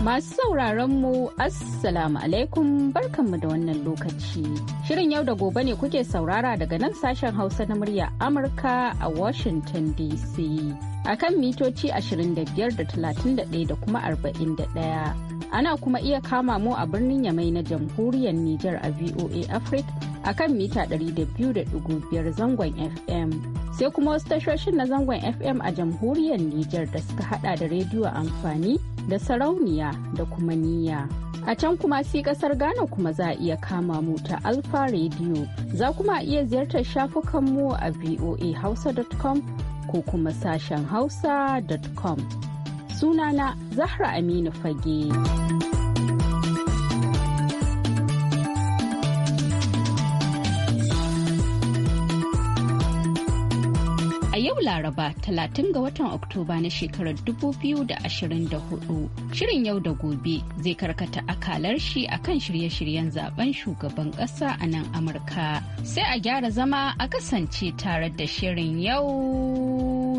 Masu sauraron mu Assalamu alaikum barkanmu da wannan lokaci. Shirin yau da gobe ne kuke saurara daga nan sashen Hausa na murya Amurka a Washington DC. A kan mitoci 25.31 da da kuma 41. Ana kuma iya kama mu a birnin Yamai na jamhuriyar Nijar a VOA Africa a kan mita 200.5 zangon FM. Sai kuma wasu tashoshin na zangon FM a jamhuriyar Nijar da suka hada da rediyo amfani da sarauniya da kuma niyya. A can kuma si kasar Ghana kuma za a iya kama mu ta Alfa Radio. Za kuma a iya ziyartar shafukanmu a voahausa.com ko kuma sashen hausa.com. Sunana Zahra Aminu Fage. yau Laraba 30 ga watan Oktoba na shekarar 2024. Shirin yau da gobe zai karkata akalar shi akan shirye-shiryen zaben shugaban kasa a nan Amurka. Sai a gyara zama a kasance tare da shirin yau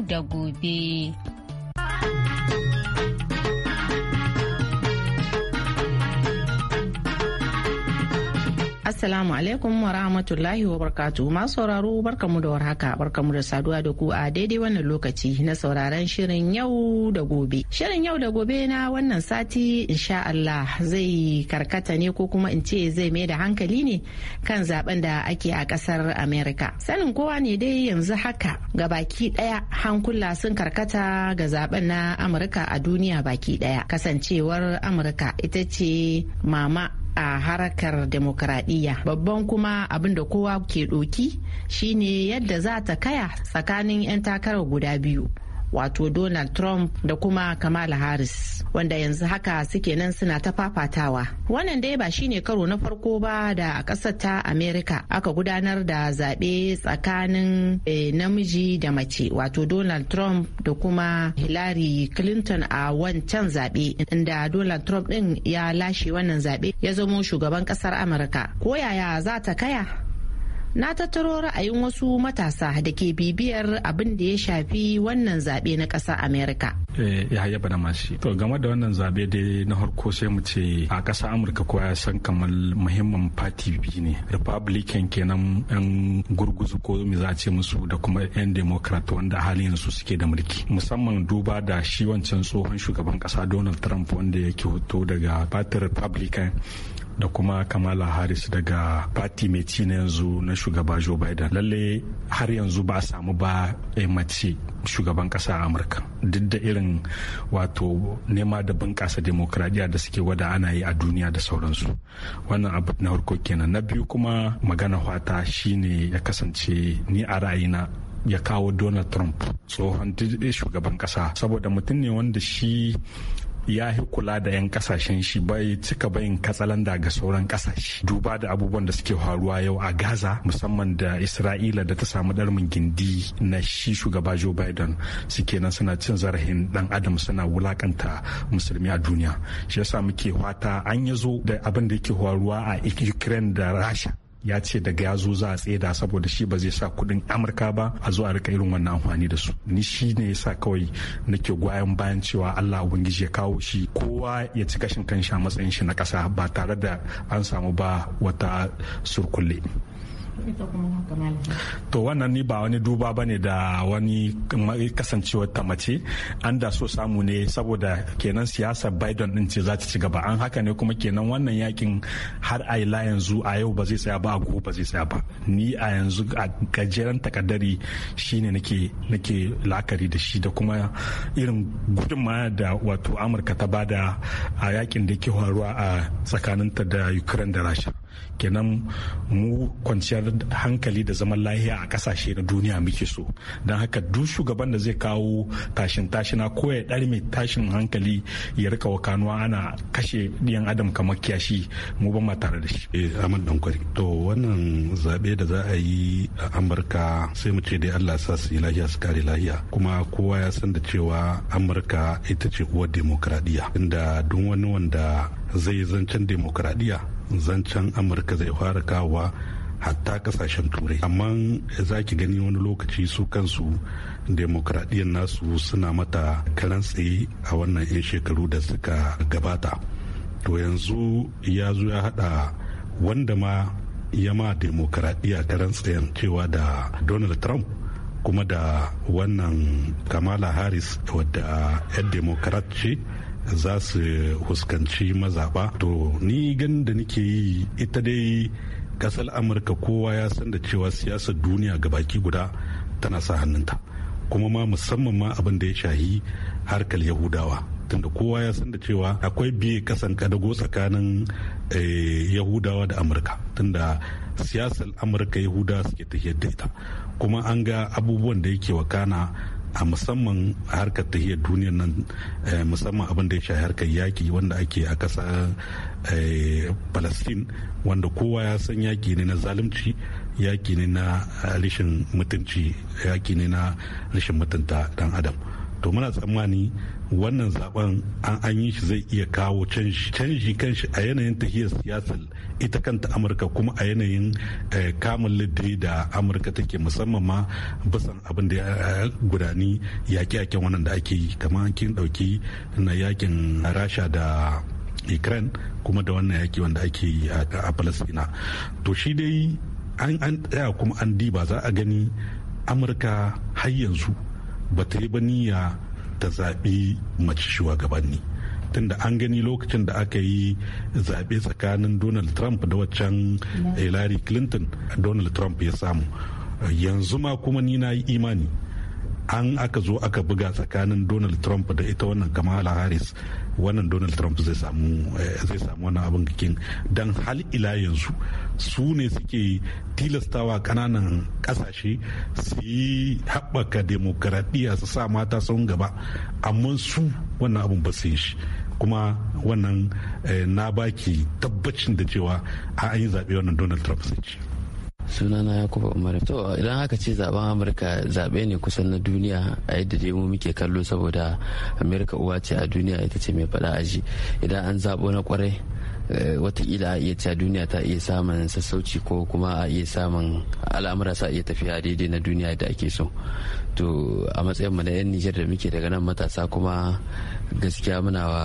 da gobe. Assalamu alaikum wa rahmatullahi wa barkatu masu sauraro barkamu da warhaka barkamu da saduwa da ku a daidai wannan lokaci na sauraron shirin yau da gobe. Shirin yau da gobe na wannan sati insha Allah zai karkata ne ko kuma in ce zai mai da hankali ne kan zaben da ake a kasar Amerika. Sanin kowa ne dai yanzu haka ga baki daya hankula sun karkata ga zaben na Amurka a duniya baki daya kasancewar Amurka ita ce mama a harkar demokradiyya babban kuma abin da kowa ke ɗoki shine yadda za ta kaya tsakanin 'yan takarar guda biyu wato donald trump da kuma kamala harris wanda yanzu haka suke nan suna ta fafatawa wannan dai ba shine karo na farko ba da a ƙasar ta america aka gudanar da zaɓe tsakanin e, namiji da mace wato donald trump da kuma hillary clinton a wancan zaɓe inda donald trump ɗin ya lashe wannan zaɓe ya zamo shugaban ƙasar amurka ko yaya za ta kaya na tattaro ra'ayin wasu matasa da ke bibiyar abin da ya shafi wannan zaɓe na ƙasa amerika eh, ya haya bana mashi to game da wannan zaɓe dai na harko sai mu ce a ƙasa amurka kowa ya san kamar muhimmin fati biyu ne republican kenan yan gurguzu ko me za a ce musu da kuma yan democrat wanda halin yanzu suke da mulki musamman duba da shi wancan tsohon shugaban ƙasa donald trump wanda yake hoto daga fatin republican da kuma kamala harris daga fati mai ci na yanzu na shugaba joe biden lalle har yanzu ba a samu ba eh, mace shugaban kasa a amurka duk da irin wato nema da bunƙasa demokradiyya da suke wada ana yi a duniya da sauransu wannan abu na harko kenan na biyu kuma magana hwata shine ya kasance ni a ra'ayina ya kawo donald trump tsohon shugaban kasa saboda mutum ne wanda shi ya yi kula da 'yan kasashen shi bai cika bayin katsalanda ga sauran kasashe duba da abubuwan da suke faruwa yau a gaza musamman da isra'ila da ta samu darmin gindi na shi shugaba joe biden su kenan suna cin zarafin dan adam suna wulakanta musulmi a duniya shi yasa muke fata an ya zo da abin da yake faruwa a ukraine da rasha ya ce daga ya zo za a tseda saboda shi ba zai sa kuɗin amurka ba a zo a rika irin wannan amfani da su ni shi ne ya sa kawai nake goyon bayan cewa allah ubangiji ya kawo shi kowa ya ci gashin kanshi a matsayin shi na ƙasa ba tare da an samu ba wata surkulle to wannan ni ba wani duba ba ne da wani kasancewar ta mace an da so samu ne saboda kenan siyasar biden din ce za ta ci gaba an haka ne kuma kenan wannan yakin har a la yanzu a yau ba zai tsaya ba a gobe ba zai tsaya ba ni a yanzu a gajeren takaddari shine nake nake la'akari da shi da kuma irin gudunmaya da wato amurka ta bada a yakin da ke faruwa a tsakaninta da ukraine da rasha kenan mu kwanciyar kwanciyar hankali da zaman lahiya a kasashe na duniya muke so don haka duk shugaban da zai kawo tashin tashina ko ya ɗar mai tashin hankali ya rika wakanuwa ana kashe ɗiyan adam kamar kiyashi mu ba ma tare da shi. eh dan kwari to wannan zaɓe da za a yi a amurka sai mu ce dai allah sa su yi lahiya su kare lahiya kuma kowa ya san da cewa amurka ita ce uwar demokradiyya inda duk wani wanda zai zancen demokradiyya zancen amurka zai fara kawowa hatta kasashen turai amma za ki gani wani lokaci su kansu demokradiyyar nasu suna mata karan tsaye a wannan 'yan shekaru da suka gabata to yanzu ya zo ya hada wanda ma ya ma demokradiyya karan tsayen cewa da donald trump kuma da wannan kamala harris wadda 'yan demokrat ce za su huskanci mazaɓa to ni gan da nake yi ita dai kasar amurka kowa ya san da cewa siyasar duniya ga baki guda tana sa hannunta kuma ma musamman ma abin da ya shahi harkar yahudawa tunda kowa ya san da cewa akwai biye kasan kadago tsakanin eh, yahudawa da amurka tunda siyasar amurka yahudawa suke tafiyar da ita kuma an ga abubuwan da yake wakana a musamman harkar tahiyar duniyar nan eh, musamman abin da ya shayi harkar yaki wanda ake a ƙasa Eh, palestine wanda kowa ya san yaƙi ne na zalunci yaƙi ne na eh, rashin mutunci yaƙi ne na rashin mutunta dan adam to muna tsammani wannan zaben an an yi shi zai iya kawo canji canji kanshi a yanayin tahiyar siyasar ita kanta amurka kuma a yanayin eh, kamun liddi da amurka take musamman ma bisan abin da ya gudani yaƙe-yaƙen wannan da ake yi kamar kin ɗauki na yakin rasha da ukraine kuma da wannan yaki wanda ake yi a palestina to shi dai an tsaya kuma an diba za a gani amurka har yanzu ba ta yi ba niyya ta zaɓi mace shugabanni tunda an gani lokacin da aka yi zaɓe tsakanin donald trump da waccan hillary clinton donald trump ya samu yanzu ma kuma ni na yi imani an aka zo aka buga tsakanin donald trump da ita wannan kamala harris wannan donald trump zai samu eh, zai samu wannan abin kikin don hal ila yanzu su ne suke tilastawa kananan kasashe su yi haɓaka demokaradiyya su sa mata sun gaba amma su wannan abin ba su shi kuma wannan eh, na baki tabbacin da cewa a an yi zaɓe wannan donald trump zai ce sunana kuma umar to idan haka ce zaben amurka zaɓe ne kusan na duniya a yadda dai mu muke kallo saboda amurka uwa ce a duniya ita ce mai faɗa aji idan an zaɓo na kwarai eh, watakila a iya cewa duniya ta iya samun sassauci ko kuma a iya samun al'amura sa iya tafiya daidai na duniya da ake so to a matsayin mu na 'yan nijar da muke daga nan matasa kuma gaskiya muna wa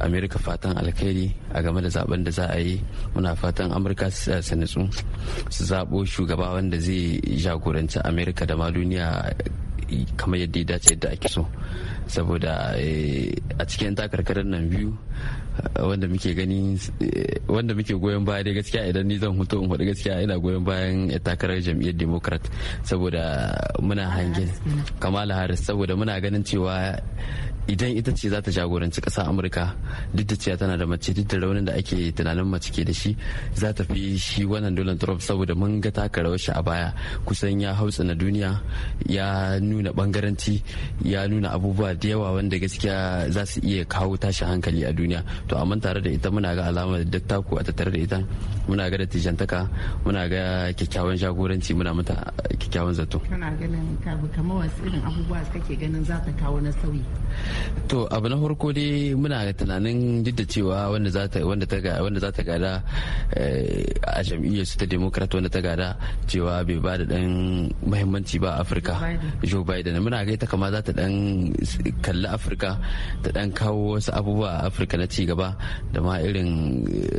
amerika fatan alkhairi a game da zaben da za a yi muna fatan amurka su nutsu su zaɓo shugaba wanda zai jagoranci amerika da ma duniya kamar yadda ya dace yadda ake so saboda eh, a cikin takarkarar nan biyu eh, wanda muke gani eh, wanda muke goyon baya dai gaskiya idan ni zan hutu in faɗi gaskiya ina goyon bayan takarar jam'iyyar democrat saboda muna hangin kamala harris saboda muna ganin cewa idan ita ce za ta jagoranci ƙasa amurka duk da cewa tana da mace duk da raunin da ake tunanin mace ke da shi za ta fi shi wannan donald trump saboda mun ga taka rawar shi a baya kusan ya hautsa na duniya ya nuna bangaranci ya nuna abubuwa da yawa wanda gaskiya za su iya kawo tashi hankali a duniya to amma tare da ita muna ga da duk taku a tattare da ita muna ga da tijantaka muna ga kyakkyawan jagoranci muna mata kyakkyawan zato kana ganin kamar wasu irin abubuwa kake ganin za ta kawo na sauyi to abu na farko dai muna tunanin duk da cewa wanda za ta gada eh, a jam'iyyar su ta democrat wanda ta gada cewa bai ba da dan mahimmanci ba a afirka joe biden muna ga ita kama za ta dan kalli afirka ta dan kawo wasu abubuwa a afirka na cigaba da ma irin eh,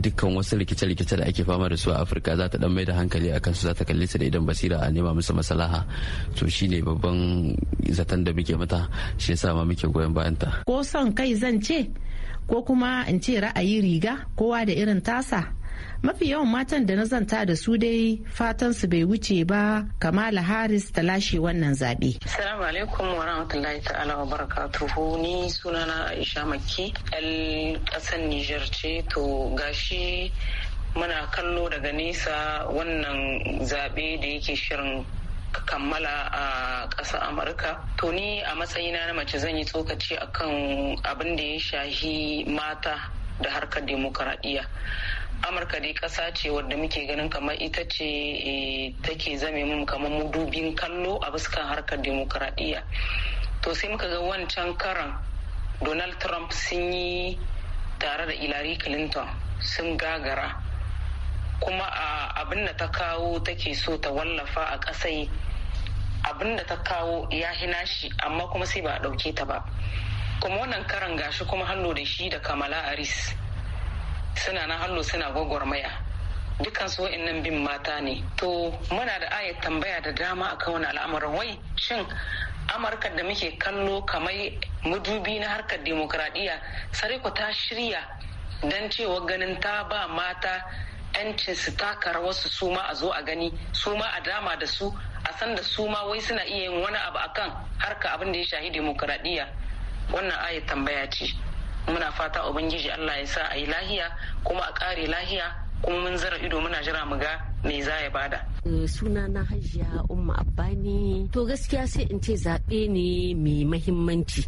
dukkan wasu rikice-rikice da ake fama da su a afirka za ta dan mai da hankali a kansu za ta kalli su da idan basira a nema musu masalaha to shine babban zaton da muke mata shi yasa ma muke goyon bayan ta ko son kai zan ce ko kuma in ce ra'ayi riga kowa da irin tasa mafi yawan matan da na zanta da su dai fatan su bai wuce ba kamala harris ta lashe wannan zaɓe. salamu alaikum wa rahmatullahi ta'ala wa barakatuhu ni sunana aisha makki al ƙasar niger ce to gashi muna kallo daga nesa wannan zaɓe da yake shirin kammala a ƙasar amurka to ni a matsayina na mace zan yi tsokaci akan abin da ya shahi mata da harkar demokaradiyya amurka dai ƙasa ce wadda muke ganin kamar ita ce eh, take zame mu kamar mudubin kallo a fuskan harkar demokaradiyya to sai muka ga wancan karan donald trump sun yi tare da hillary clinton sun gagara kuma abin da ta kawo take so ta wallafa a ƙasai abin da ta kawo ya hina shi amma kuma sai ba a ɗauke ta ba kuma wannan karan gashi kuma hannu da shi da kamala aris suna na hannu suna gwagwarmaya dukkan su wa'annan bin mata ne to muna da ayat tambaya da dama a wani al'amarin wai shin amurka da muke kallo kamar madubi na harkar demokradiyya sare ku ta shirya don cewa ganin ta ba mata 'yancin su taka rawarsu su ma a zo a gani suma a dama da su a san da su wai suna iya yin wani abu akan harka abin da ya shahi demokuraɗiyya wannan ayat tambaya ce muna fata ubangiji allah ya sa a yi lahiya kuma a ƙare lahiya kuma mun zara ido muna jira mu ga me za ya bada. Eh, suna na hajiya umma ne to gaskiya sai in ce zaɓe ne mai mahimmanci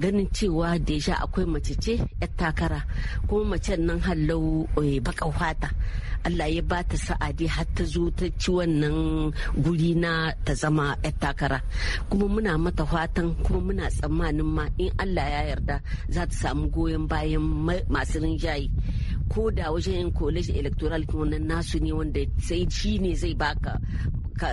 ganin cewa deja akwai mace ce yar takara kuma mace nan hallau eh, baka fata allah ya ba ta sa'adi har ta zo ta ci wannan guri na ta zama yar takara kuma muna mata fatan kuma muna tsammanin ma in allah ya yarda za ta samu goyon bayan masu rinjaye ko da wajen yin college electoral wannan nasu ne wanda sai shi ne zai baka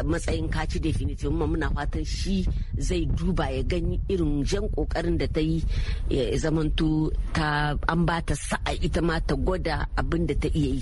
matsayin kaci definitive amma muna fatan shi zai duba ya gani irin jan kokarin da ta yi ya zamanto ta an ba ta sa'a ita ma ta gwada abin da ta iya yi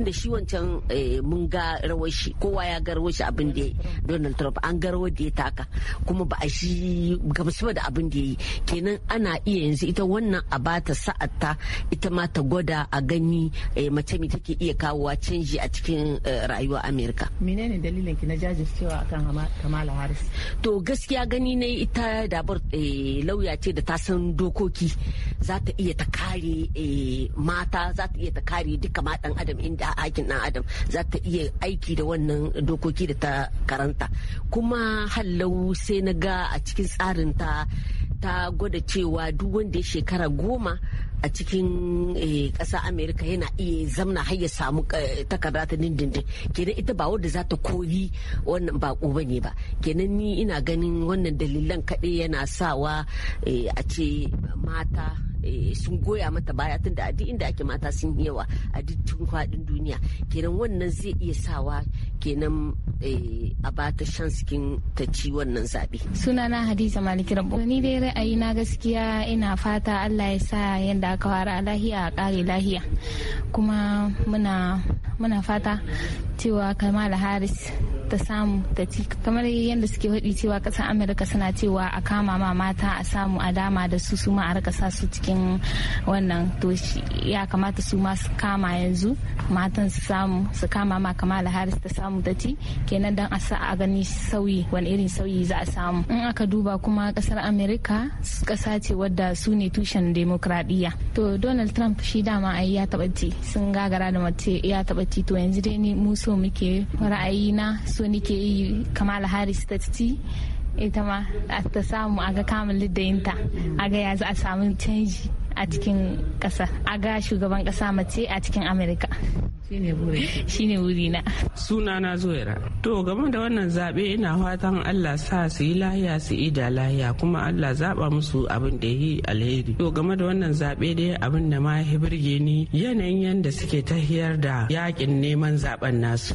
da shi wancan eh, mun ga rawar shi kowa ya ga rawar shi abin da Donald Trump an ga rawar da ya taka kuma ba a shi gamsuwa da abin da ya yi kenan ana iya yanzu ita wannan a bata sa'atta ita ma ta gwada a gani eh, mace mai take iya kawowa canji a cikin eh, rayuwa Amerika. Menene dalilin ki na jajircewa akan Kamala Harris? To gaskiya gani ne ita dabar lauya ce da ta san dokoki za ta iya ta kare mata za ta iya ta kare duka ma dan adam inda da aikin dan adam za ta iya aiki da wannan dokoki da ta karanta kuma hallau sai na ga a cikin tsarin ta ta gwada cewa duk wanda ya shekara goma a cikin eh, ƙasa amerika yana iya zamna har ya samu eh, takarda ta dindindin kenan ita ba wadda za ta koyi wannan bako ba ne ba kenan ni ina ganin wannan dalilan kaɗai yana sawa eh, a ce mata sun goya mata baya tun da duk inda ake mata sun yawa a duk tun faɗin duniya kenan wannan zai iya sawa kenan a ba bata shansikin ta ci wannan zaɓe sunana hadiza maliki rabu ni dai ra'ayi na gaskiya ina fata allah ya sa yadda kawara lahiya a kare lahiya kuma muna fata cewa kamala harris ta samu ta ci kamar yadda suke haɗi cewa kasar amurka suna cewa a kama ma mata a samu a dama da su suma a rika sa su cikin wannan to ya kamata su ma kama yanzu matan su samu su kama ma kamala harris ta samu ta ci kenan don a sa a gani sauyi wani irin sauyi za a samu in aka duba kuma kasar amurka ƙasa ce wadda su ne tushen demokradiyya to donald trump shi dama ai ya taba ci sun gagara da mace ya taba ci to yanzu dai ni mu so muke ra'ayi na so nike yi kamala harris ta ci ita ma ta samu a ga kamun lidayinta a ga ya za a samu canji a cikin ƙasa a ga shugaban ƙasa mace a cikin amerika shine burina suna na zoira to game da wannan zaɓe ina fatan allah sa su yi lahiya su yi da lahiya kuma allah zaɓa musu abin da yi alheri to game da wannan zaɓe dai abin da ma ya birge ni yanayin yadda suke tahiyar da yakin neman zaɓen nasu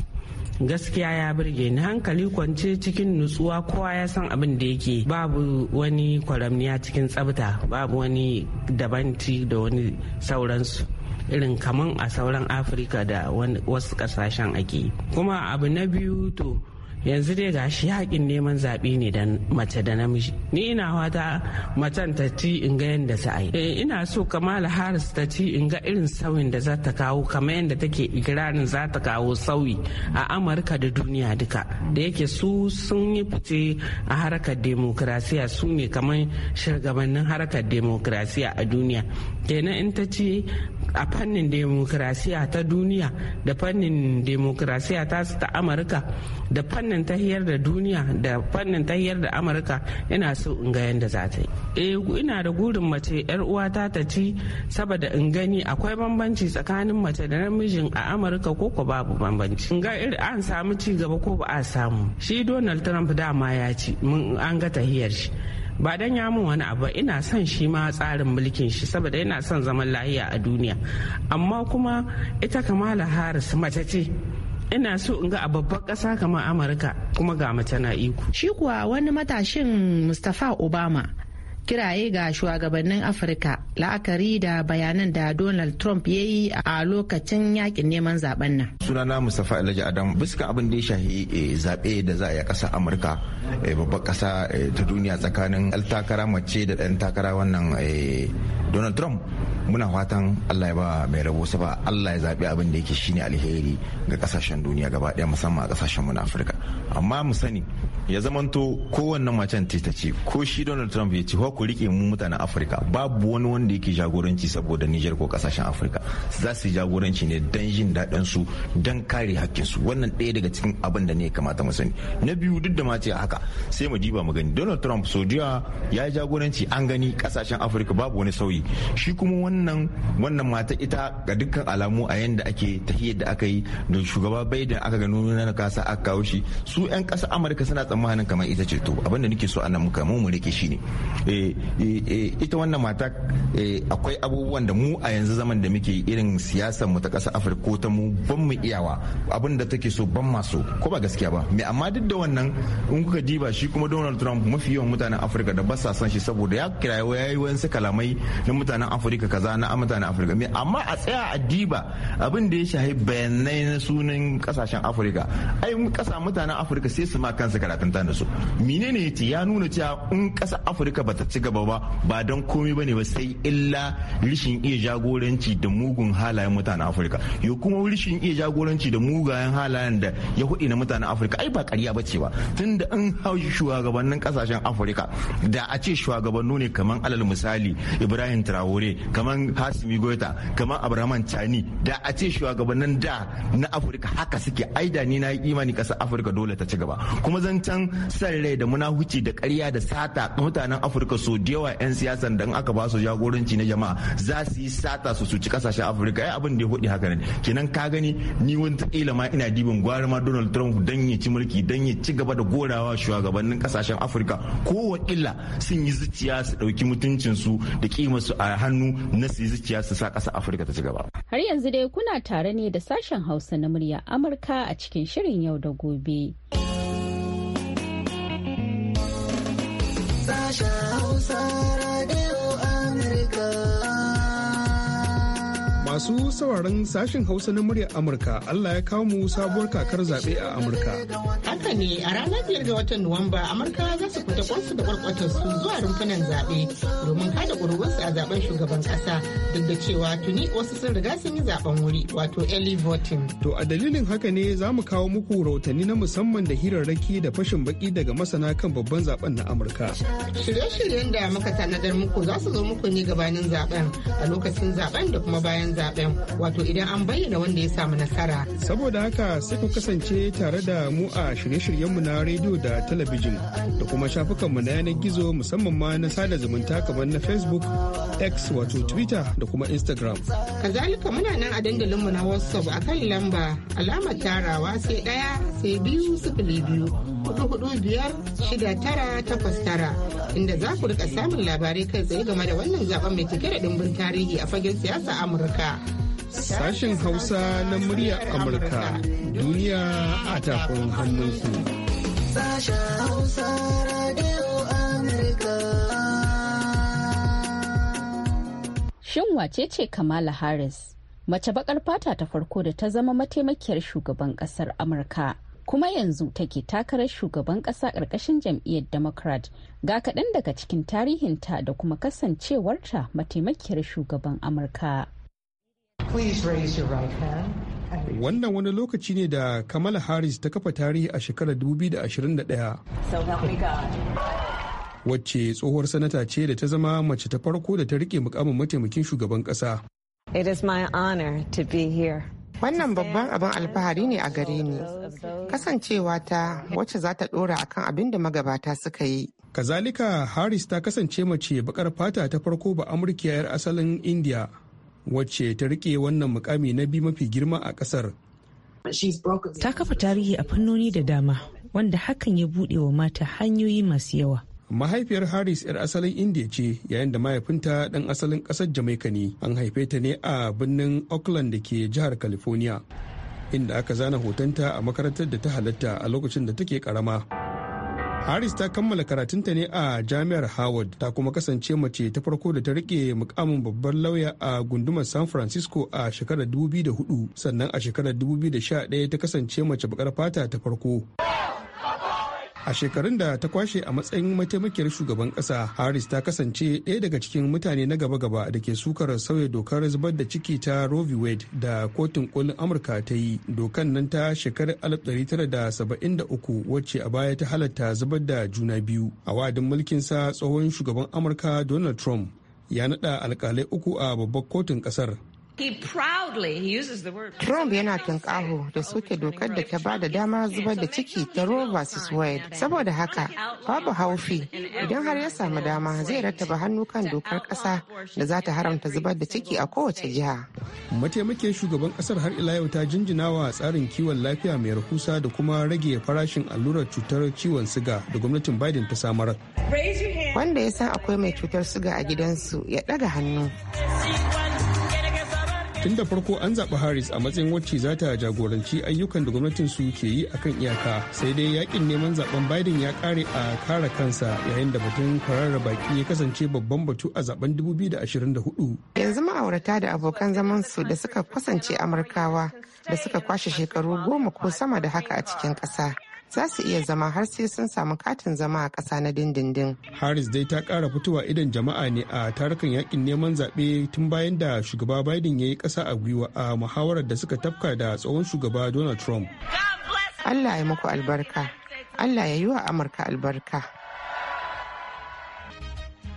gaskiya ya burge ni hankali kwance cikin nutsuwa kowa ya san abin da yake babu wani kwaramniya cikin tsabta babu wani dabanci da wani sauransu irin kaman a sauran afirka da wasu kasashen ake kuma abu na biyu to yanzu dai gashi yakin neman zaɓe ne da mace da namiji ni ina wata macen ta ci in ga yadda ta yi eh, ina so kamala harris ta ci in ga irin sauyin da za ta kawo kamar yadda take ikirarin za ta kawo sauyi a amurka da duniya duka da yake su sun yi fice a harkar demokrasiya su ne kamar shugabannin harkar demokrasiya a duniya kenan in ta ci a fannin demokrasiya ta duniya da fannin demokrasiya ta ta amurka da fannin tahiyar da duniya da fannin tahiyar da amurka ina so in ga yadda za ta yi eh, ina da gurin mace yar uwata ta ci saboda in gani akwai bambanci tsakanin mace da namijin a amurka ko ko babu bambanci in ga irin an samu ci gaba ko ba a samu shi donald trump dama ya ci an ga tahiyar shi ba dan ya mun wani abu ina son shi ma tsarin mulkin shi saboda ina son zaman lahiya a duniya amma kuma ita kamala harris mace ce ina so in ga a babban ƙasa kamar amurka kuma ga mace na iko shi kuwa wani matashin mustapha obama kiraye ga shugabannin afirka la'akari da bayanan da donald trump ya yi a lokacin yakin neman zaben nan sunana mustafa alhaji adam bisa abin da ya shahi eh, zaɓe da za a yi a amurka eh, babbar ƙasa eh, ta duniya tsakanin altakara mace da ɗan takara wannan donald trump muna fatan allah ya ba mai rabo ba allah ya zaɓi abin da yake shine alheri ga ƙasashen duniya gaba ɗaya musamman a ƙasashen mu na afirka amma mu sani ya zamanto kowanne macen ta ce ko shi donald trump ya ce ku rike mu mutanen afirka babu wani wanda yake jagoranci saboda niger ko kasashen afirka za su jagoranci ne don jin daɗin su don kare su wannan ɗaya daga cikin abin da ne ya kamata mu sani na biyu duk da ma ce haka sai mu diba mu gani donald trump so jiya ya yi jagoranci an gani kasashen afirka babu wani sauyi shi kuma wannan wannan mata ita ga dukkan alamu a yanda ake tahiyar da aka yi da shugaba da aka nuna na kasa aka kawo shi su 'yan kasa amurka suna tsammanin kamar ita ce to abin da nake so ana muka mu mu rike shi ne eh, eh, eh, ita wannan mata akwai abubuwan da mu a yanzu zaman da muke irin siyasar mu ta kasa afirka ko ta mu ban mu iyawa abin da take so ban so ko ba gaskiya ba me amma duk da wannan in kuka diba shi kuma donald trump mafi yawan mutanen afirka da ba sa son shi saboda ya kirayo ya yi wayansu kalamai na mutanen afirka kaza na mutanen afirka me amma a tsaya a diba abin da ya shahi bayanai na sunan kasashen afirka ai kasa mutanen afirka sai su ma kansa karatun ta nasu menene yace ya nuna cewa in ƙasar afirka bata ci gaba ba ba don komai ne ba sai illa rishin iya jagoranci da mugun halayen mutanen afirka yo kuma rishin iya jagoranci da mugayen halayen da ya hudu na mutanen afirka ai ba ƙarya ba ce ba tun da an hau shugabannin ƙasashen afirka da a ce shugabannu ne kamar alal misali ibrahim traore kamar hasimi goita kamar abraman chani da a ce shugabannin da na afirka haka suke aida ni na yi imani ƙasar afirka dole ta ci gaba kuma zancen san rai da munahuci da ƙarya da sata mutanen afirka so da yawa 'yan siyasan dan aka ba su jagoranci na jama'a za su yi sata su suci kasashen afirka ya abin da ya hudu haka ne kenan ka gani ni wani kila ma ina dibin gwari ma donald trump dan ya ci mulki dan ya ci gaba da gorawa shugabannin kasashen afirka ko illa sun yi zuciya su dauki mutuncin su da kima su a hannu na su yi zuciya su sa ƙasa afirka ta ci gaba har yanzu dai kuna tare ne da sashen hausa na murya amurka a cikin shirin yau da gobe Masu sauraron sashen Hausa na muryar Amurka, Allah ya kawo mu sabuwar kakar zaɓe a Amurka. haka ne a ranar biyar ga watan Nuwamba Amurka za su fita kwansu da kwarkwatar su zuwa rumfunan zaɓe domin kada ƙuruwarsu a zaben shugaban ƙasa duk da cewa tuni wasu sun riga sun yi zaben wuri wato early voting. To a dalilin haka ne za mu kawo muku rahotanni na musamman da hirarraki da fashin baki daga masana kan babban zaben na Amurka. Shirye-shiryen da muka tanadar muku za su zo muku ne gabanin zaben a lokacin zaben da kuma bayan zaben wato idan an bayyana wanda ya samu nasara. Saboda haka sai ku kasance tare da mu a shirye shirye-shiryenmu na rediyo da talabijin da kuma shafukanmu na yanar gizo musamman ma na sada zumunta kamar na facebook x wato twitter da kuma instagram kazalika muna nan a dandalinmu na whatsapp a kan lamba alamar tarawa sai ɗaya sai biyu sifili biyu hudu hudu biyar shida tara takwas tara inda za ku rika samun labarai kai tsaye game da wannan zaben mai cike da dimbin tarihi a fagen siyasa amurka Sashen Hausa na murya Amurka duniya a tafin hannunku. Shin wace ce Kamala Harris? Mace bakar fata ta farko da ta zama mataimakiyar shugaban kasar Amurka. kuma yanzu take takarar shugaban kasa karkashin jam'iyyar democrat ga kaɗan daga cikin tarihinta da kuma kasancewarta mataimakiyar shugaban amurka Wannan wani lokaci ne da Kamala Harris ta kafa tarihi a shekarar 2021. Wacce tsohuwar sanata ce da ta zama mace ta farko da ta rike mukamin mataimakin shugaban kasa. It is my honor to be here. Wannan babban abin alfahari ne a gare ni. Kasancewa ta wacce za ta dora akan abin da magabata suka yi. Kazalika Harris ta kasance mace bakar fata ta farko ba Amurkiya 'yar asalin India. wacce ta rike wannan mukami na biyu mafi girma a kasar. Ta kafa tarihi a fannoni da dama wanda hakan ya buɗe wa mata hanyoyi masu yawa. mahaifiyar harris 'yar asalin india ce yayin da mahaifinta ɗan asalin ƙasar jamaica ne an haife ta ne a birnin auckland da ke jihar california inda aka zana hotonta a makarantar da ta halatta a lokacin da take karama. Harris ta kammala karatunta ne a Jami'ar Howard ta kuma kasance mace ta farko da ta rike mukamin babbar lauya a gundumar San Francisco a shekarar 2004 sannan a shekarar 2011 ta kasance mace bakar fata ta farko. a shekarun da ta kwashe a matsayin mataimakiyar shugaban kasa harris ta kasance ɗaya daga cikin mutane na gaba-gaba da ke sukar sauya dokar zubar da ciki ta roe v wade da kotun kolin amurka ta yi dokan nan ta shekarar 1973 wacce a baya ta halatta zubar da juna biyu a wa'adin sa tsohon shugaban amurka donald trump ya naɗa alkalai uku a babbar kotun ƙasar Trump yana tunƙaho da soke dokar da ta ba da damar zubar da ciki ta Roe vs. Wade. Saboda haka, babu haufi idan har ya samu dama zai rattaba hannu kan dokar ƙasa da za ta haramta zubar da ciki a kowace jiha. Mataimakin shugaban ƙasar har ila yau ta jinjinawa wa tsarin kiwon lafiya mai rahusa da kuma rage farashin allurar cutar ciwon siga da gwamnatin Biden ta samar. Wanda ya san akwai mai cutar siga a gidansu ya ɗaga hannu. tun da farko an zaɓi harris a matsayin wacce za ta jagoranci ayyukan da gwamnatin su ke yi akan iyaka sai dai yakin neman zaben biden ya kare a kara kansa yayin da batun kwararra baki ya kasance babban batu a zaben 2024 yanzu ma'aurata da abokan zaman su da suka kasance amurkawa da suka kwashe shekaru goma ko sama da haka a cikin ƙasa za su iya zama har sai sun samu katin zama a ƙasa na dindindin. Harris dai ta ƙara fitowa idan jama'a ne a tarukan yakin neman zaɓe tun bayan da shugaba Biden ya yi kasa a gwiwa a muhawarar da suka tafka da tsohon shugaba donald trump allah ya muku albarka allah ya yi wa amurka albarka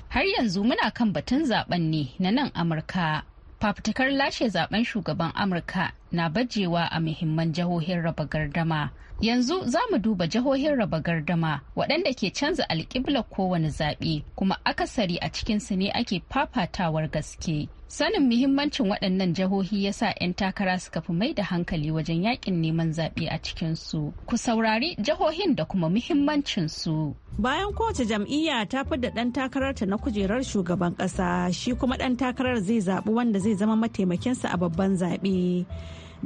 har yanzu muna kan batun zaben ne na nan amurka fafutukar lashe zaben shugaban amurka na bajewa a muhimman jihohin raba gardama Yanzu za mu duba jihohin raba gardama waɗanda ke canza alƙiblar kowane zaɓe kuma akasari a cikinsu ne ake fafatawar gaske. Sanin muhimmancin waɗannan jihohi ya sa 'yan takara suka fi mai da hankali wajen yakin neman zaɓe a cikinsu. Ku saurari jahohin da kuma muhimmancinsu. Bayan kowace jam'iyya ta da ɗan takararta na kujerar shugaban ƙasa, shi kuma ɗan takarar zai zaɓi wanda zai zama mataimakinsa a babban zaɓe.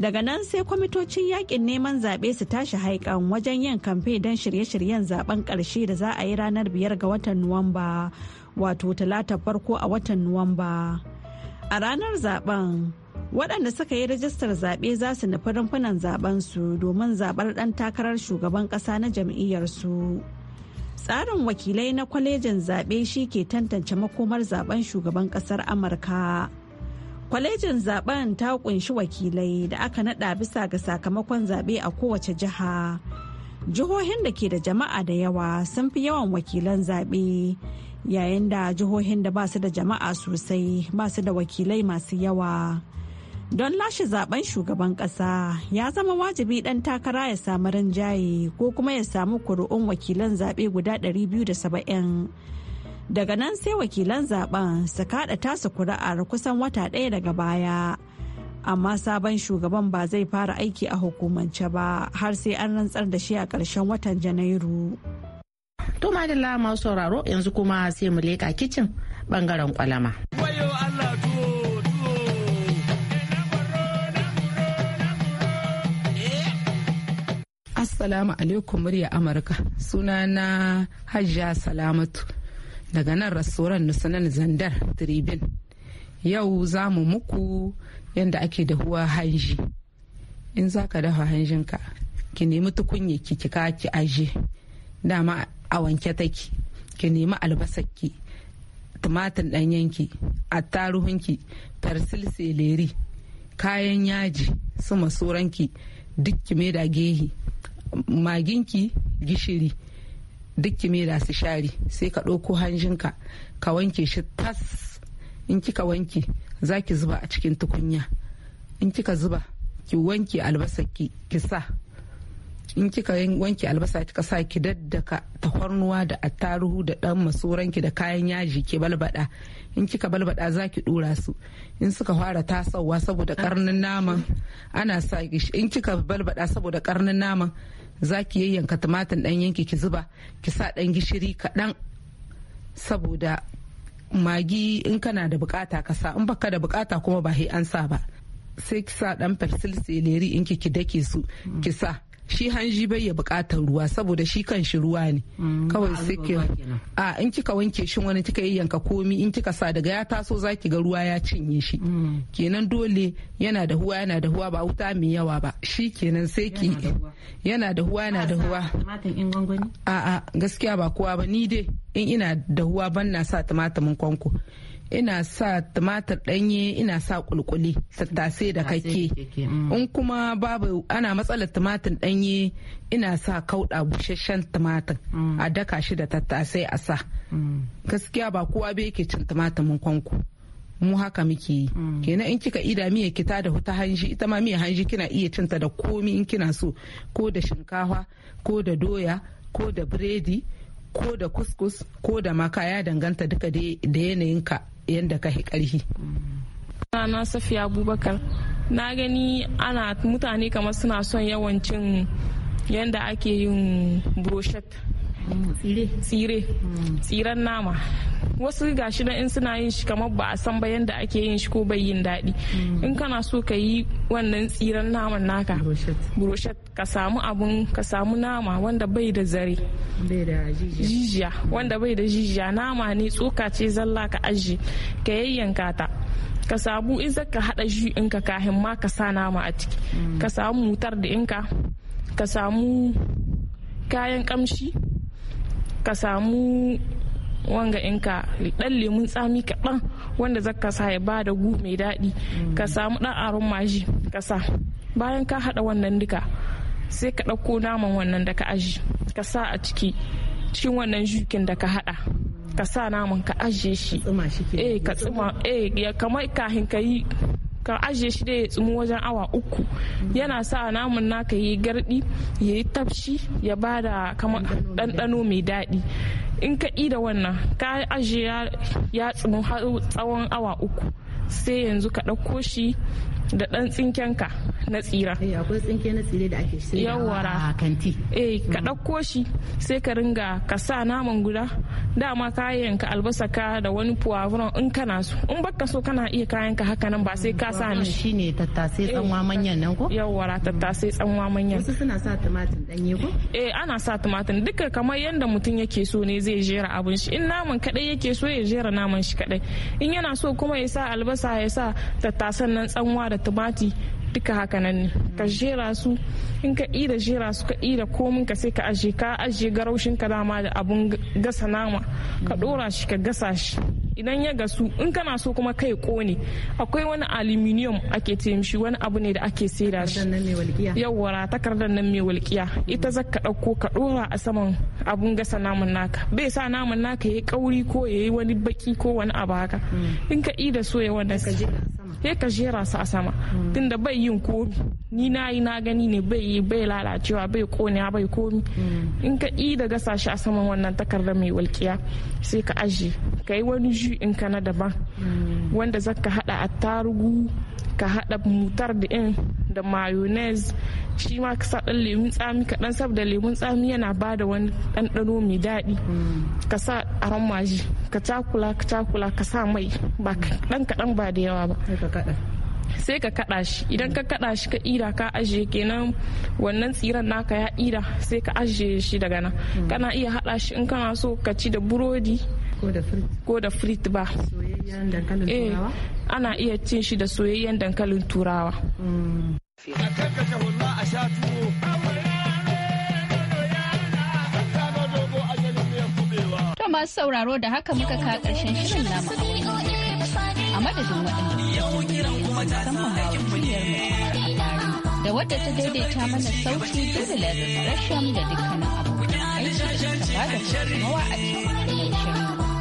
daga nan sai kwamitocin yakin neman zaɓe su tashi haikan wajen yin kamfe don shirye-shiryen zaben ƙarshe da za a yi ranar biyar ga watan nuwamba wato talata farko a watan nuwamba a ranar zaben waɗanda suka yi rajistar zaɓe za su nufi rumfunan zaben su domin zaɓar ɗan takarar shugaban ƙasa na jam'iyyar su tsarin wakilai na kwalejin zaɓe shi ke tantance makomar zaben shugaban ƙasar amurka kwalejin zaben ta kunshi wakilai da aka nada bisa ga sakamakon zaɓe a kowace jiha jihohin da ke da jama'a da yawa sun fi yawan wakilan zaɓe yayin da jihohin da ba su da jama'a sosai ba su da wakilai masu yawa don lashe zaben shugaban kasa ya zama wajibi dan takara ya samu rinjaye ko kuma ya samu kuri'un wakilan zaɓe guda 270 daga nan sai wakilan zaben su kada tasa kuri'ar kusan wata ɗaya daga baya amma sabon shugaban ba zai fara aiki a hukumance ba har sai an rantsar da shi a ƙarshen watan janairu to madalla masu sauraro yanzu kuma sai mu leƙa kicin bangaren kwalama Assalamu alaikum murya Amurka sunana Hajja Salamatu daga nan rasuran nusanan zandar tribin yau za mu muku yadda ake dahuwa hanji in za ka dafa hanjinka ki nemi tukunye ki kika ki aje dama a wanke take ki nemi albasarki tumatir ɗanyenki attaruhunki persil kayan yaji su masuranki duk ki mai dagehi maginki gishiri duk da su share sai ka ɗauko hanjinka ka wanke shi tas in kika wanke za ki zuba a cikin tukunya in kika zuba ki wanke albasar ki sa in kika wanke albasa kika sa ki daddaka tafarnuwa da attaruhu da dan masoranki da kayan yaji ki balbada in kika balbada za ki dora su in suka fara tasawa saboda karnin naman ana sa in kika balbada saboda karnin naman za ki yayyanka tumatir ɗan yanki ki zuba ki sa ɗan gishiri kaɗan saboda magi in kana da bukata ka sa in baka da bukata kuma ba sai an sa ba sai ki sa ɗan persil seleri in ki dake su ki sa shi hanji bai ya bukatar ruwa saboda shi kan shi ruwa ne mm, kawai suke a in kika wanke shi wani kika yanka komi in kika sa daga ya taso zaki ga ruwa ya cinye shi mm. kenan dole yana da huwa yana da huwa ba wuta mai yawa ba shi kenan sai ki yana da huwa yana da huwa a a gaskiya ba kowa ba ni dai in ina da huwa ban na sa tumatumin kwanko ina sa tumatir ɗanye ina sa kulkuli tattasai da kake mm. in kuma babu ana matsalar tumatir ɗanye ina sa kauɗa busasshen tumatir mm. a daka shi da tattasai a sa mm. gaskiya ba kowa bai yake cin tumatirin kwanku mu haka muke yi kenan in kika ida miya kita da huta hanji ita ma miya hanji kina iya cinta da komi in kina so ko da shinkafa ko da doya ko da biredi ko da kuskus ko da maka ya danganta duka da yanayinka yadda ka karhi na safiya abubakar na gani ana mutane kamar suna son yawancin yadda ake yin brochet Mm, tsire tsire mm. tsiren nama wasu gashi na in suna yin shi kamar ba a san ba yanda ake yin shi ko bai yin daɗi mm. in kana so ka yi wannan tsiren naman naka brochet ka samu abun ka samu nama wanda bai da zare jijiya wanda bai da jijiya nama ne tsoka ce zalla ka aji ka yayyanka ta ka samu in ka haɗa shi in ka kahin ma ka sa nama a ciki ka samu mutar da inka ka samu kayan kamshi ka samu wanga inka dan lemun tsami kaɗan wanda ka sa ya ba da gu mai daɗi ka mm. samu ɗan aron maji ka sa bayan ka haɗa wannan duka sai ka ɗauko naman wannan da ka aji ka sa a ciki cikin wannan jukin da ka haɗa ka sa naman ka ajiye shi ka tsuma eh, eh kamar kahin ka yi ka ajiye shi da ya tsumu wajen awa uku yana sa namun naka yi gardi ya yi tafshi ya bada kama ɗanɗano mai daɗi in ka da wannan ka ajiye ya tsumu har tsawon awa uku sai yanzu ka ɗauko shi da dan tsinken ka na tsira eh, akwai tsinke na tsire da ake shi. yawara kanti eh ka dauko mm. shi sai ka ringa ka sa naman guda dama kayan ka albasa ka da wani puwavron in kana so in baka so kana iya kayan ka haka nan ba sai ka sa shi shine tattase eh, tsanwa manyan nan ko yawara mm. tattase tsanwa manyan wasu suna sa tumatir danye ko eh ana sa tumatir duka kamar yanda mutum yake so ne zai jera abun shi in naman kadai yake so ya jera naman shi kadai in yana so kuma ya sa albasa ya sa tattasan nan tsanwa da tumati duka haka nan ne ka jera su in ka ira jera su ka ira komin ka sai ka aje ka aje garaushin ka dama da abun gasa nama ka dora mm. shi ka gasa shi idan ya gasu in kana so kuma kai kone akwai wani aluminium ake ce mishi wani abu ne da ake saida shi yawwa takardar nan mai walƙiya ita za ka ɗauko ka ɗora a saman abun gasa naman naka bai sa naman naka ya kauri ko ya yi wani baki ko wani abu haka mm. in ka ida so ya wannan sai ka jera su a sama tunda bai yin komi ni na yi na gani ne bai bai lalacewa bai konewa bai komi mm. in ka ƙi da gasa shi a saman wannan takarda mai walƙiya sai ka aje ka yi wani ju in ka na daban mm. wanda zaka hada attarugu ka hada mutar da in da mayonnaise shi ma ka sa dan lemun tsami kaɗan saboda lemun tsami yana ba da wani ɗanɗano mai daɗi mm. ka sa aron maji ka cakula ka cakula ka sa mai ba kaɗan kaɗan ba da yawa ba sai ka kada shi idan ka kada shi ka ira ka ajiye kenan wannan tsiran naka ya ira sai ka ajiye shi daga nan mm. kana iya hada shi in kana so ka ci da burodi ko da frit ba eh, ana iya cin shi da soyayyen dankalin turawa mm. A a sha tuwo. To masu sauraro da haka muka ka ƙarshen shirin namu a madadin waɗanda musamman da wadda ta daidaita mana sauti dole rashin da dukkanin abokan aiki da da a cikin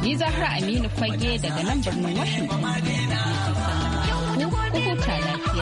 Ni Zahra Aminu Fage daga nan birnin Washington. Ku huta lafiya.